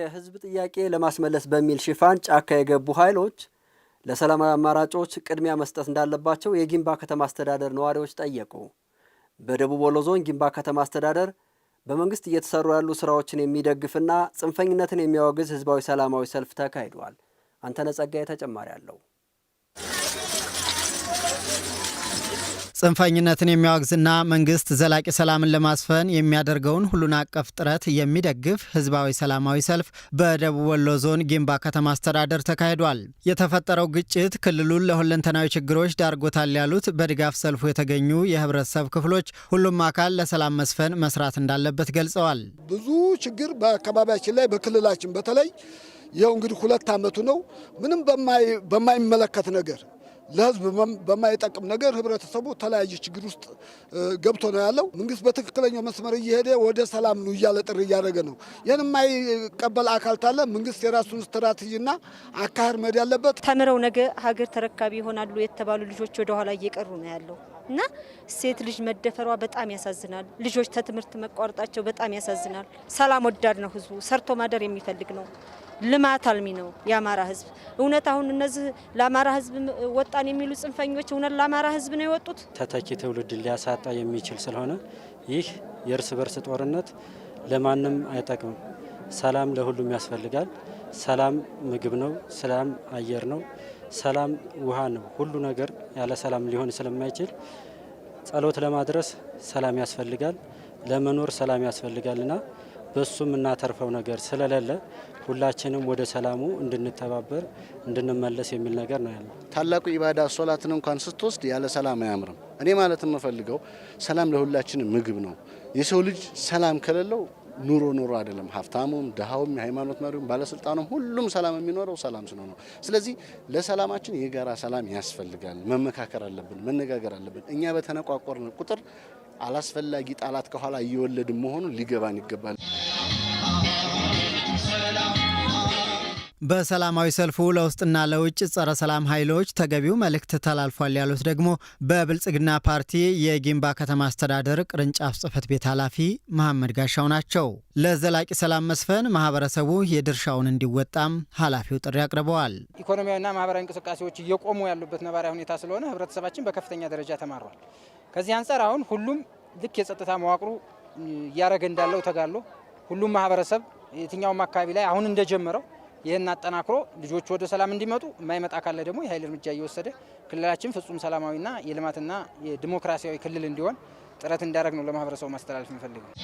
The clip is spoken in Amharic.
የህዝብ ጥያቄ ለማስመለስ በሚል ሽፋን ጫካ የገቡ ኃይሎች ለሰላማዊ አማራጮች ቅድሚያ መስጠት እንዳለባቸው የጊንባ ከተማ አስተዳደር ነዋሪዎች ጠየቁ። በደቡብ ወሎ ዞን ጊንባ ከተማ አስተዳደር በመንግስት እየተሰሩ ያሉ ስራዎችን የሚደግፍና ጽንፈኝነትን የሚያወግዝ ህዝባዊ ሰላማዊ ሰልፍ ተካሂዷል። አንተነህ ጸጋዬ ተጨማሪ አለው። ጽንፈኝነትን የሚያወግዝና መንግስት ዘላቂ ሰላምን ለማስፈን የሚያደርገውን ሁሉን አቀፍ ጥረት የሚደግፍ ህዝባዊ ሰላማዊ ሰልፍ በደቡብ ወሎ ዞን ጊንባ ከተማ አስተዳደር ተካሂዷል። የተፈጠረው ግጭት ክልሉን ለሁለንተናዊ ችግሮች ዳርጎታል ያሉት በድጋፍ ሰልፉ የተገኙ የህብረተሰብ ክፍሎች ሁሉም አካል ለሰላም መስፈን መስራት እንዳለበት ገልጸዋል። ብዙ ችግር በአካባቢያችን ላይ በክልላችን በተለይ ይኸው እንግዲህ ሁለት ዓመቱ ነው ምንም በማይመለከት ነገር ለህዝብ በማይጠቅም ነገር ህብረተሰቡ ተለያየ ችግር ውስጥ ገብቶ ነው ያለው። መንግስት በትክክለኛው መስመር እየሄደ ወደ ሰላም ነው እያለ ጥሪ እያደረገ ነው። ይህን የማይቀበል አካል ታለ መንግስት የራሱን ስትራቴጂና አካሄድ መሄድ ያለበት። ተምረው ነገ ሀገር ተረካቢ ይሆናሉ የተባሉ ልጆች ወደኋላ እየቀሩ ነው ያለው እና ሴት ልጅ መደፈሯ በጣም ያሳዝናል። ልጆች ከትምህርት መቋረጣቸው በጣም ያሳዝናል። ሰላም ወዳድ ነው ህዝቡ፣ ሰርቶ ማደር የሚፈልግ ነው። ልማት አልሚ ነው የአማራ ህዝብ። እውነት አሁን እነዚህ ለአማራ ህዝብ ወጣን የሚሉ ጽንፈኞች እውነት ለአማራ ህዝብ ነው የወጡት? ተተኪ ትውልድ ሊያሳጣ የሚችል ስለሆነ ይህ የእርስ በርስ ጦርነት ለማንም አይጠቅምም። ሰላም ለሁሉም ያስፈልጋል። ሰላም ምግብ ነው። ሰላም አየር ነው። ሰላም ውሃ ነው። ሁሉ ነገር ያለ ሰላም ሊሆን ስለማይችል ጸሎት ለማድረስ ሰላም ያስፈልጋል። ለመኖር ሰላም ያስፈልጋልና በሱ የምናተርፈው ነገር ስለሌለ ሁላችንም ወደ ሰላሙ እንድንተባበር እንድንመለስ የሚል ነገር ነው ያለው። ታላቁ ኢባዳ ሶላትን እንኳን ስትወስድ ያለ ሰላም አያምርም። እኔ ማለት የምፈልገው ሰላም ለሁላችንም ምግብ ነው። የሰው ልጅ ሰላም ከሌለው ኑሮ ኑሮ አይደለም። ሀብታሙም፣ ድሃውም፣ የሃይማኖት መሪውም፣ ባለስልጣኑም ሁሉም ሰላም የሚኖረው ሰላም ስለሆነ ነው። ስለዚህ ለሰላማችን የጋራ ሰላም ያስፈልጋል። መመካከር አለብን፣ መነጋገር አለብን። እኛ በተነቋቆርን ቁጥር አላስፈላጊ ጣላት ከኋላ እየወለድን መሆኑን ሊገባን ይገባል። በሰላማዊ ሰልፉ ለውስጥና ለውጭ ጸረ ሰላም ኃይሎች ተገቢው መልእክት ተላልፏል ያሉት ደግሞ በብልጽግና ፓርቲ የጊንባ ከተማ አስተዳደር ቅርንጫፍ ጽህፈት ቤት ኃላፊ መሐመድ ጋሻው ናቸው። ለዘላቂ ሰላም መስፈን ማህበረሰቡ የድርሻውን እንዲወጣም ኃላፊው ጥሪ አቅርበዋል። ኢኮኖሚያዊና ማህበራዊ እንቅስቃሴዎች እየቆሙ ያሉበት ነባራዊ ሁኔታ ስለሆነ ህብረተሰባችን በከፍተኛ ደረጃ ተማሯል። ከዚህ አንጻር አሁን ሁሉም ልክ የጸጥታ መዋቅሩ እያደረገ እንዳለው ተጋድሎ ሁሉም ማህበረሰብ የትኛውም አካባቢ ላይ አሁን እንደጀመረው ይህን አጠናክሮ ልጆች ወደ ሰላም እንዲመጡ የማይመጣ ካለ ደግሞ የኃይል እርምጃ እየወሰደ ክልላችን ፍጹም ሰላማዊና የልማትና የዲሞክራሲያዊ ክልል እንዲሆን ጥረት እንዳደረግ ነው ለማህበረሰቡ ማስተላለፍ እንፈልገው።